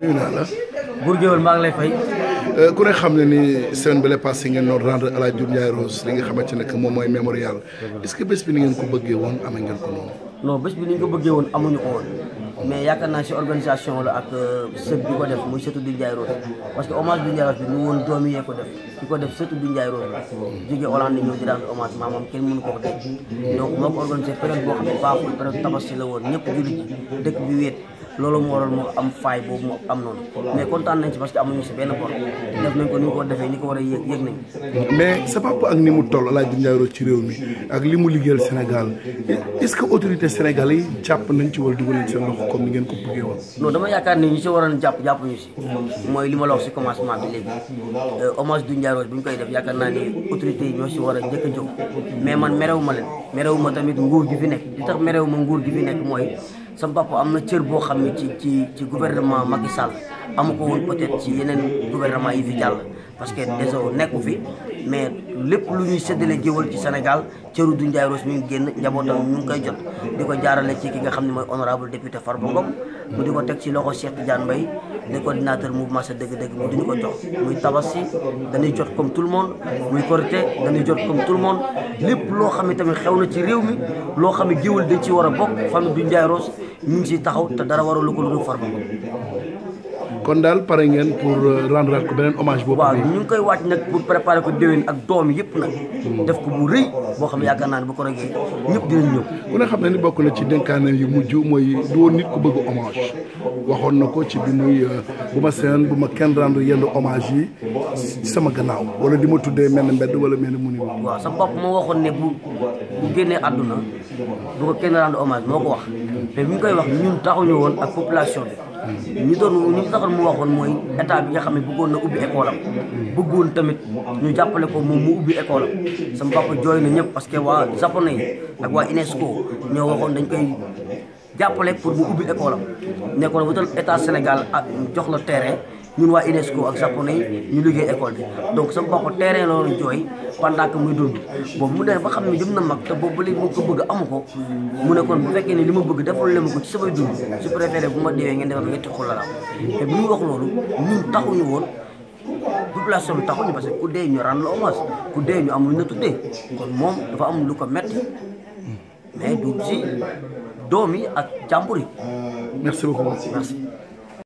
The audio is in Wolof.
nuyu naa la. Bour Gueweul maa ngi lay fay. Euh, ku ne xam ne ni semaine bële passé ngeen doon rendre à la Doudou Rose li nga xamante ne que moom mooy mémorial est-ce que bés bi ni ngeen ko bëggee ñu ko bëggee woon amuñu ko mais yaakaar naa si organisation la ak euh, sët bi ko def muy sëtu Doudou Rose parce que hommage Doudou Ndiaye Rose bi ñu woon doomi yee ko def di ko def sëtu Doudou Ndiaye Rose jógee Hollande ñëw di rendre maamam kenn mënu ko ko def donc moo ko organisé période woon ñëpp jullit loolu moo waral mu am faay boobu mu am noonu mais kontaan nañ ci parce que amuñu si benn bor def nañ ko ni ko defee ni ko war a yëg yëg nañ li mu liggéeyal Sénégal est-ce que autorité sénégalais yi jàpp nañ ci wala dugal nañ seen loxo comme ni ngeen ko bëggee woon non dama yaakaar ñu si mooy li ma la wax si commencement bi léegi euh, hommage du Rose bu ñu koy def yaakaar naa ni autorité ñoo si war a njëkk a mais man merewu leen merewu tamit nguur gi fi nekk li tax merewu nguur gi fi nekk mooy sama papa am na cër boo xam ne ci ci ci gouvernement Macky Sall amu ko woon peut-être ci yeneen gouvernement yi fi jàll parce que DSO nekku fi mais lépp lu ñuy séddale jëwal ci Sénégal cëru du Ndiaye Rose mi ngi génn njabootam ñu ngi koy jot di ko jaarale ci ki nga xam ne mooy honorable député Farba Ngom mu di ko teg ci loxo Cheikh Tidiane Mbaye di coordinateur mouvement sa dëgg-dëgg mu duñu ko jox muy tabaski dañuy jot comme tout le monde muy korité dañuy jot comme tout monde lépp loo xam ne tamit xew na ci réew mi loo xam ne jëwal dañ ci war a bokk famille du Ndiaye Rose mi ngi si taxaw te dara waralu ko lu Farba kon daal pare ngeen pour euh, rendre ko beneen hommage boobu. waaw ñu ngi koy wàcc nag pour préparer ko déwén ak doom yëpp nag. Hmm. def ko boo xam ne yaakaar naa ne bu ko rogee ñëpp dinañ ñëw. ku ne xam ne ni bokk na ci dénkaane yu mujj mooy du woon nit ku bëgg hommage waxoon na ko ci bi muy euh, bu ma seen bu ma kenn rendre yenn hommage yi ci sama gannaaw wala di ma tuddee mel ni mbedd wala mel ni mu ni waaw sa bopp moo waxoon ne bu bu génnee àdduna du ko kenn rendre ko wax mais bu ñu koy wax ñun taxuñu woon ak population bi. ñi doon ñi taxoon mu waxoon mooy état bi nga xam ne bëggoon na ubbi école am bëggoon tamit ñu jàppale ko moom mu ubbi école am sama papa jooy na ñëpp parce que waa japonais yi ak waa UNESCO ñoo waxoon dañ koy jàppale pour mu ubbi école nekkoon wutal état senegal ak ah, jox la terrain ñun waa UNESCO ak japonais ñu liggéey école bi donc sama papa terrain loolu jooy pendant que muy dund boobu mu dee ba xam ne jëm na mag te boobu ba léegi mu ko bëgg amu ko mu ne kon bu fekkee ne li ma bëgg defal leen ma ko ci samay dund su préféré bu ma deewee ngeen defal ñetti xulalaam te bu taxuñu woon que ku dee ñu ran la au ku dee ñu am lu ñu tuddee kon moom dafa am lu ko metti mais du si doom yi ak jàmbur yi merci beaucoup merci